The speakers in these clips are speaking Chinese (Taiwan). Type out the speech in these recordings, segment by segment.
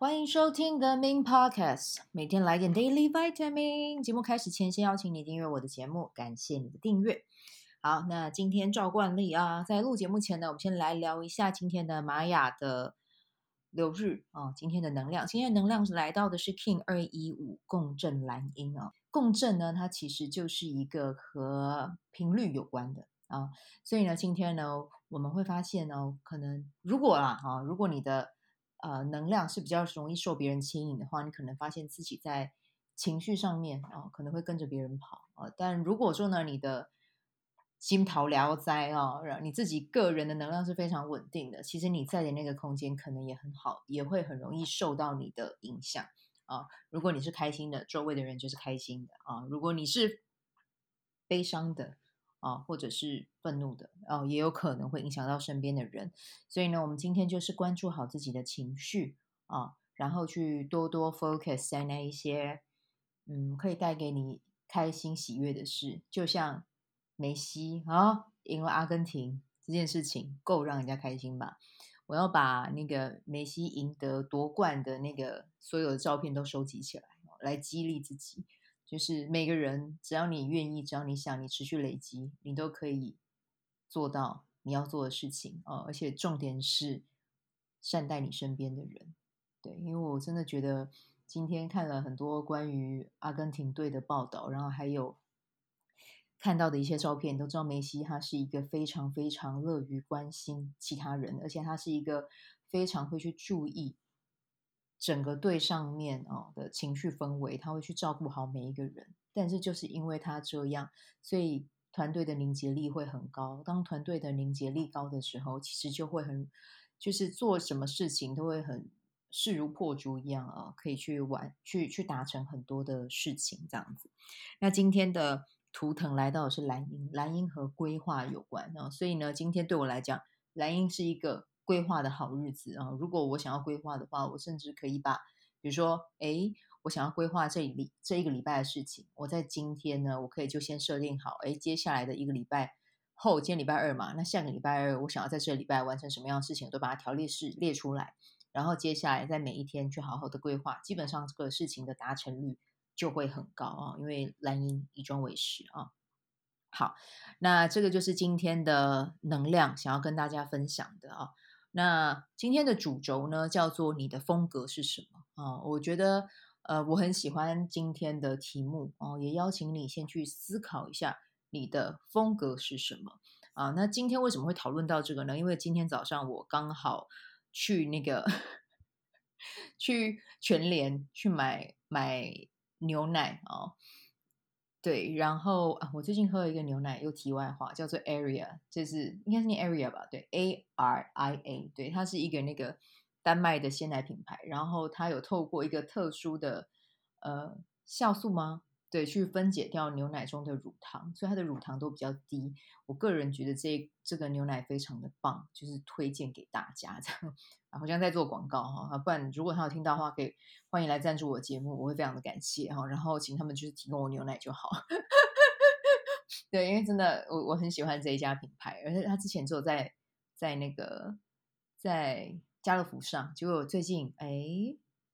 歡迎收聽 The Min Podcast，每天來點 Daily Vitamin。節目開始前，先邀請你訂閱我的節目，感謝你的訂閱。好，那今天照慣例啊，在錄節目前呢，我們先來聊一下今天的瑪雅的流日哦，今天的能量。今天的能量是來到的是 King 二一五共振藍鷹啊、哦，共振呢，它其實就是一個和頻率有關的啊、哦，所以呢，今天呢，我們會發現呢、哦，可能如果啊啊、哦，如果你的呃，能量是比較容易受別人牽引的話，你可能發現自己在情緒上面啊、哦，可能會跟着別人跑啊、哦。但如果說呢，你的心逃聊哉啊，哦、然你自己個人的能量是非常穩定的，其實你在的那個空間可能也很好，也會很容易受到你的影響啊、哦。如果你是開心的，周圍的人就是開心的啊、哦。如果你是悲傷的。啊、哦，或者是憤怒的哦，也有可能會影響到身邊的人。所以呢，我們今天就是關注好自己的情緒啊、哦，然後去多多 focus 在那一些，嗯，可以帶給你開心喜悅的事。就像梅西啊、哦，贏了阿根廷這件事情，夠讓人家開心吧？我要把那個梅西贏得奪冠的那個所有的照片都收集起來，來激勵自己。就是每個人，只要你願意，只要你想，你持續累積，你都可以做到你要做的事情。哦，而且重點是善待你身邊的人。對，因為我真的覺得今天看了很多關於阿根廷隊的報道，然後還有看到的一些照片，都知道梅西他是一個非常非常樂於關心其他人，而且他是一個非常會去注意。整個隊上面哦的情緒氛圍，他會去照顧好每一個人。但是就是因為他這樣，所以團隊的凝結力會很高。當團隊的凝結力高的時候，其實就會很，就是做什麼事情都會很勢如破竹一樣啊，可以去玩去去達成很多的事情這樣子。那今天的圖騰來到的是藍鷹，藍鷹和規劃有關啊，所以呢，今天對我來講，藍鷹是一個。規劃的好日子啊！如果我想要規劃的話，我甚至可以把，比如說，誒，我想要規劃這一這一個禮拜的事情。我在今天呢，我可以就先設定好，誒，接下來的一個禮拜後，今天禮拜二嘛，那下個禮拜二，我想要在這禮拜完成什麼樣的事情，我都把它條列式列出來，然後接下來在每一天去好好的規劃，基本上這個事情的達成率就會很高啊，因為藍鷹以終為始啊。好，那這個就是今天的能量，想要跟大家分享的啊。那今天的主軸呢，叫做你的風格是什麼啊？我覺得，呃，我很喜歡今天的題目哦，也邀請你先去思考一下你的風格是什麼啊？那今天為什麼會討論到這個呢？因為今天早上我剛好去那個 去全聯去買買牛奶哦。對，然後啊，我最近喝了一個牛奶，又題外話，叫做 Aria，就是應該是念 Aria 吧，對，A R I A，對，它是一個那個丹麥的鮮奶品牌，然後它有透過一個特殊的呃酵素嗎？對，去分解掉牛奶中的乳糖，所以它的乳糖都比較低。我個人覺得這這個牛奶非常的棒，就是推薦給大家這樣。好像在做廣告哈，不然如果他有聽到的話，可以歡迎來贊助我節目，我會非常的感謝哈。然後請他們就是提供我牛奶就好。 對，因為真的我我很喜歡這一家品牌，而且他之前只有在在那個在家樂福上，結果最近哎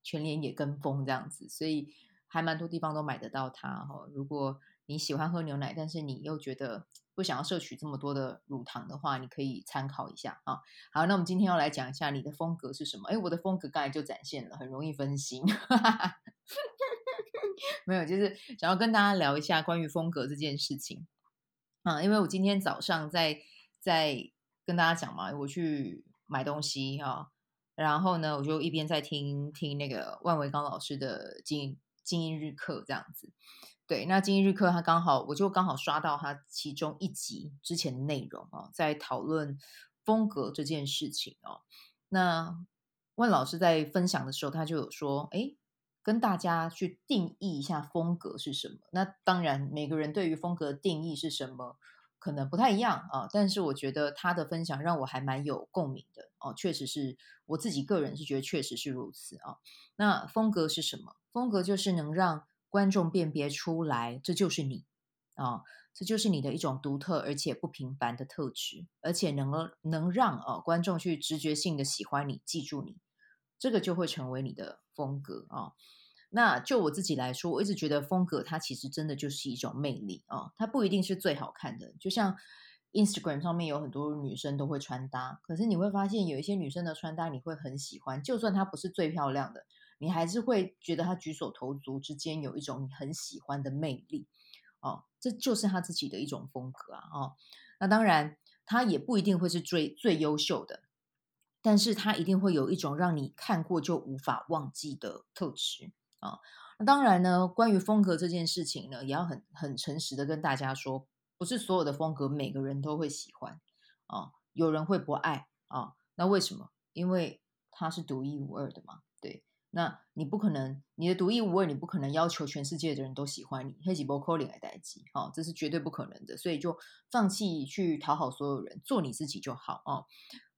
全聯也跟風這樣子，所以。還蠻多地方都買得到它，哈、哦。如果你喜歡喝牛奶，但是你又覺得不想要攝取這麼多的乳糖的話，你可以參考一下啊。好，那我們今天要來講一下你的風格是什麼？哎，我的風格剛才就展現了，很容易分心， 沒有，就是想要跟大家聊一下關於風格這件事情啊。因為我今天早上在在跟大家講嘛，我去買東西哈、啊，然後呢，我就一邊在聽聽那個萬維剛老師的經。精英日課這樣子，對，那精英日課他剛好，我就剛好刷到他其中一集之前的內容哦，在討論風格這件事情哦。那萬老師在分享的時候，他就有說，哎，跟大家去定義一下風格是什麼。那當然，每個人對於風格的定義是什麼，可能不太一樣啊、哦。但是我覺得他的分享讓我還蠻有共鳴的哦。確實是我自己個人是覺得確實是如此啊、哦。那風格是什麼？風格就是能讓觀眾辨別出來，這就是你啊、哦，這就是你的一種獨特而且不平凡的特質，而且能能讓啊、哦、觀眾去直覺性的喜歡你、記住你，這個就會成為你的風格啊、哦。那就我自己來說，我一直覺得風格它其實真的就是一種魅力啊、哦，它不一定是最好看的。就像 Instagram 上面有很多女生都會穿搭，可是你會發現有一些女生的穿搭你會很喜歡，就算她不是最漂亮的。你還是會覺得他舉手投足之間有一種你很喜歡的魅力，哦，這就是他自己的一種風格啊，哦，那當然他也不一定會是最最優秀的，但是他一定會有一種讓你看過就無法忘記的特質啊，哦。那當然呢，關於風格這件事情呢，也要很很誠實的跟大家說，不是所有的風格每個人都會喜歡啊，哦，有人會不愛啊，哦，那為什麼？因為他是獨一無二的嘛，對。那你不可能，你的獨一無二，你不可能要求全世界的人都喜歡你。黑起波扣零來代替啊，這是絕對不可能的。所以就放棄去討好所有人，做你自己就好啊、哦、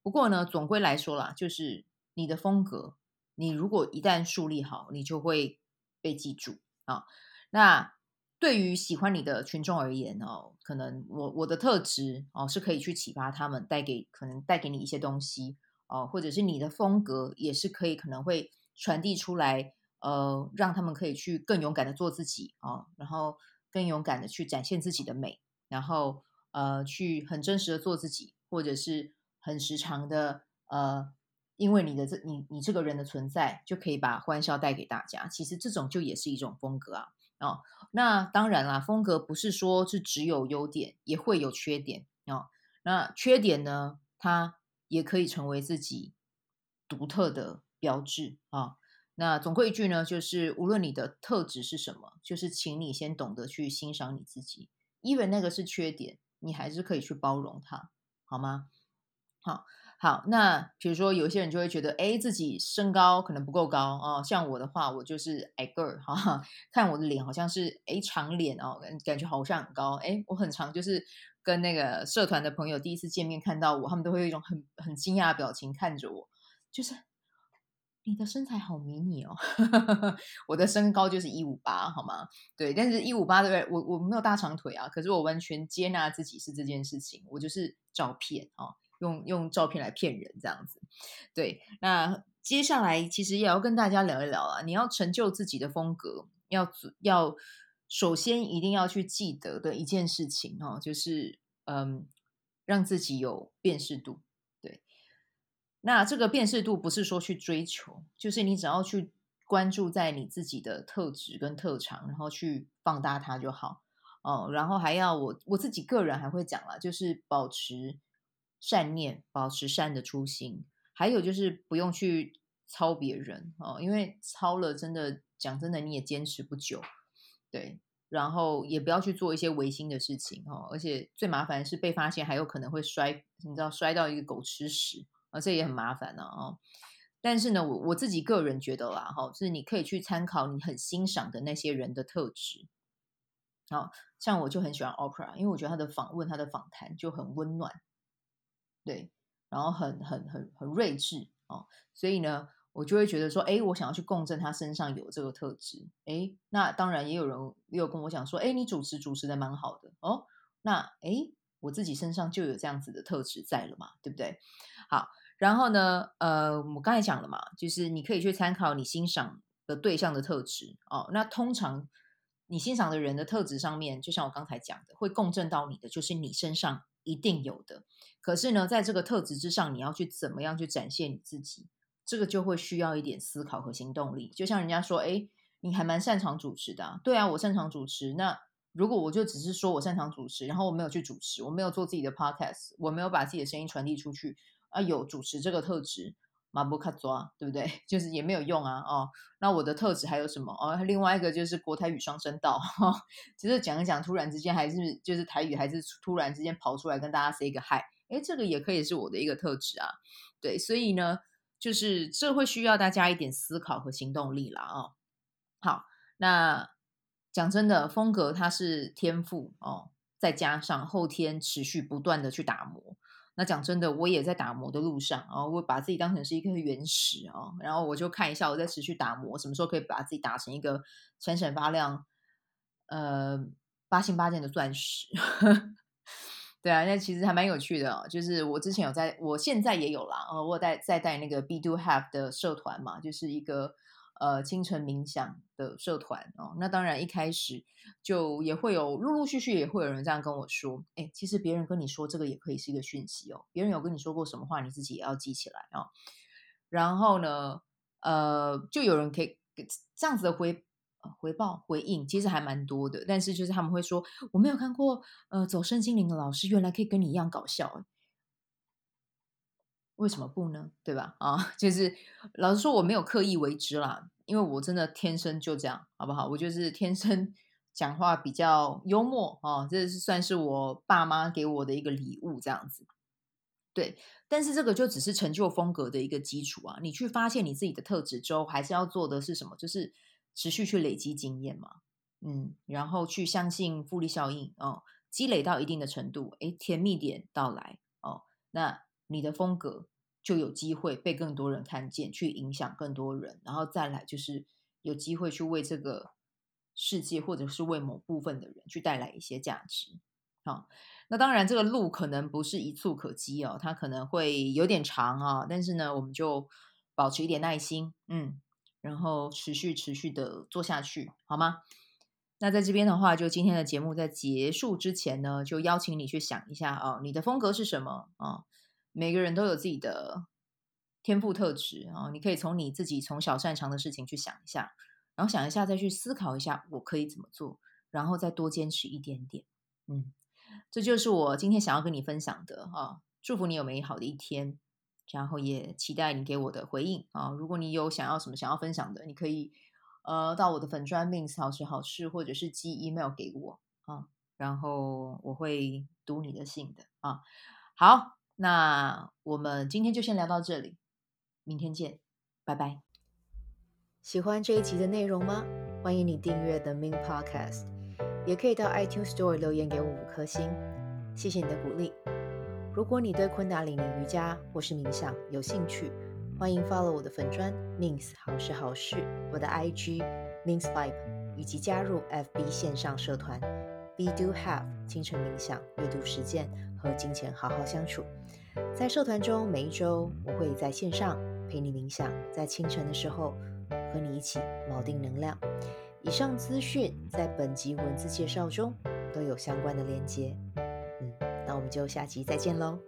不過呢，總歸來說啦，就是你的風格，你如果一旦樹立好，你就會被記住啊、哦。那對於喜歡你的群眾而言哦，可能我我的特質哦是可以去啟發他們，帶給可能帶給你一些東西哦，或者是你的風格也是可以可能會。傳遞出來，呃，讓他們可以去更勇敢的做自己啊，哦，然後更勇敢的去展現自己的美，然後呃，去很真實的做自己，或者是很時常的，呃，因為你的這你你這個人的存在，就可以把歡笑帶給大家。其實這種就也是一種風格啊，哦，那當然啦，風格不是說是只有優點，也會有缺點哦，那缺點呢，它也可以成為自己獨特的。標誌啊、哦，那總歸一句呢，就是無論你的特質是什麼，就是請你先懂得去欣賞你自己，即使那個是缺點，你還是可以去包容它，好嗎？好、哦，好，那比如說有些人就會覺得，哎，自己身高可能不夠高啊、哦，像我的話，我就是矮個兒哈、哦，看我的臉好像是誒長臉哦，感覺好像很高，誒我很常，就是跟那個社團的朋友第一次見面看到我，他們都會有一種很很驚訝的表情看着我，就是。你的身材好迷你哦，哈哈哈，我的身高就是一五八，好嗎？對，但是一五八，對不對？我我沒有大長腿啊，可是我完全接納自己是這件事情，我就是照片哦，用用照片來騙人這樣子。對，那接下來其實也要跟大家聊一聊啊，你要成就自己的風格，要要首先一定要去記得的一件事情哦，就是嗯，讓自己有辨識度。那這個辨識度不是說去追求，就是你只要去關注在你自己的特質跟特長，然後去放大它就好哦。然後還要我我自己個人還會講啦，就是保持善念，保持善的初心，還有就是不用去抄別人哦，因為抄了真的講真的你也堅持不久，對，然後也不要去做一些違心的事情哦，而且最麻煩的是被發現，還有可能會摔，你知道摔到一個狗吃屎。啊、這也很麻煩了，啊哦，但是呢，我我自己個人覺得啦，哈，哦，就是你可以去參考你很欣賞的那些人的特質，好、哦，像我就很喜歡 Oprah 因為我覺得他的訪問、他的訪談就很溫暖，對，然後很、很、很、很睿智哦，所以呢，我就會覺得說，哎，我想要去共振他身上有這個特質，哎，那當然也有人又有跟我講說，哎，你主持主持得蠻好的哦，那哎，我自己身上就有這樣子的特質在了嘛，對不對？好。然後呢，呃，我剛才講了嘛，就是你可以去參考你欣賞的對象的特質哦。那通常你欣賞的人的特質上面，就像我剛才講的，會共振到你的，就是你身上一定有的。可是呢，在這個特質之上，你要去怎麼樣去展現你自己，這個就會需要一點思考和行動力。就像人家說，誒，你還蠻擅長主持的啊，對啊，我擅長主持。那如果我就只是說我擅長主持，然後我沒有去主持，我沒有做自己的 podcast，我沒有把自己的聲音傳遞出去。啊，有、哎、主持這個特質，麻布卡抓，對不對？就是也沒有用啊，哦。那我的特質還有什麼？哦，另外一個就是國台語雙聲道。哦、其實講一講，突然之間還是就是台語，還是突然之間跑出來跟大家 say 個 hi。誒，這個也可以是我的一個特質啊。對，所以呢，就是這會需要大家一點思考和行動力了啊、哦。好，那講真的，風格它是天賦哦，再加上後天持續不斷的去打磨。那講真的，我也在打磨的路上，然、哦、後我把自己當成是一顆原石啊、哦，然後我就看一下我在持續打磨，什麼時候可以把自己打成一個閃閃發亮，呃，八星八箭的鑽石。 對啊，那其實還蠻有趣的、哦，就是我之前有在，我現在也有啦，哦、我帶在,在帶那個 Be Do Have 的社團嘛，就是一個。呃，清晨冥想的社團哦，那當然一開始就也會有，陸陸續續也會有人這樣跟我說，哎，其實別人跟你說這個也可以是一個訊息哦，別人有跟你說過什麼話，你自己也要記起來哦。然後呢，呃，就有人可以給這樣子的回回報回應，其實還蠻多的，但是就是他們會說，我沒有看過，呃，走身心靈的老師原來可以跟你一樣搞笑。為什麼不呢？對吧？啊、哦，就是老實說，我沒有刻意為之啦，因為我真的天生就這樣，好不好？我就是天生講話比較幽默啊、哦，這是算是我爸媽給我的一個禮物，這樣子。對，但是這個就只是成就風格的一個基礎啊。你去發現你自己的特質之後，還是要做的是什麼？就是持續去累積經驗嘛。嗯，然後去相信複利效應哦，積累到一定的程度，誒，甜蜜點到來哦，那。你的風格就有機會被更多人看見，去影響更多人，然後再來就是有機會去為這個世界，或者是為某部分的人去帶來一些價值。好，那當然這個路可能不是一蹴可及哦，它可能會有點長啊、哦，但是呢，我們就保持一點耐心，嗯，然後持續持續的做下去，好嗎？那在這邊的話，就今天的節目在結束之前呢，就邀請你去想一下哦，你的風格是什麼啊、哦？每個人都有自己的天賦特質啊！你可以從你自己從小擅長的事情去想一下，然後想一下，再去思考一下我可以怎麼做，然後再多堅持一點點。嗯，這就是我今天想要跟你分享的啊，祝福你有美好的一天，然後也期待你給我的回應啊！如果你有想要什麼想要分享的，你可以呃到我的粉專 Mins 好時好事，或者是寄 email 給我啊，然後我會讀你的信的啊！好。那我們今天就先聊到這裡，明天見，拜拜。喜歡這一集的內容嗎？歡迎你訂閱 The Min Podcast，也可以到 iTunes Store 留言給我五顆星，謝謝你的鼓勵。如果你對昆達里尼瑜伽或是冥想有興趣，歡迎 follow 我的粉專 Mins 好時好事，我的 IG Mins Vibe，以及加入 FB 線上社團。Be-Do-Have 清晨冥想、閱讀實踐和金錢好好相處。在社團中，每一周我會在線上陪你冥想，在清晨的時候和你一起錨定能量。以上資訊在本集文字介紹中都有相關的鏈接。嗯，那我們就下集再見嘍。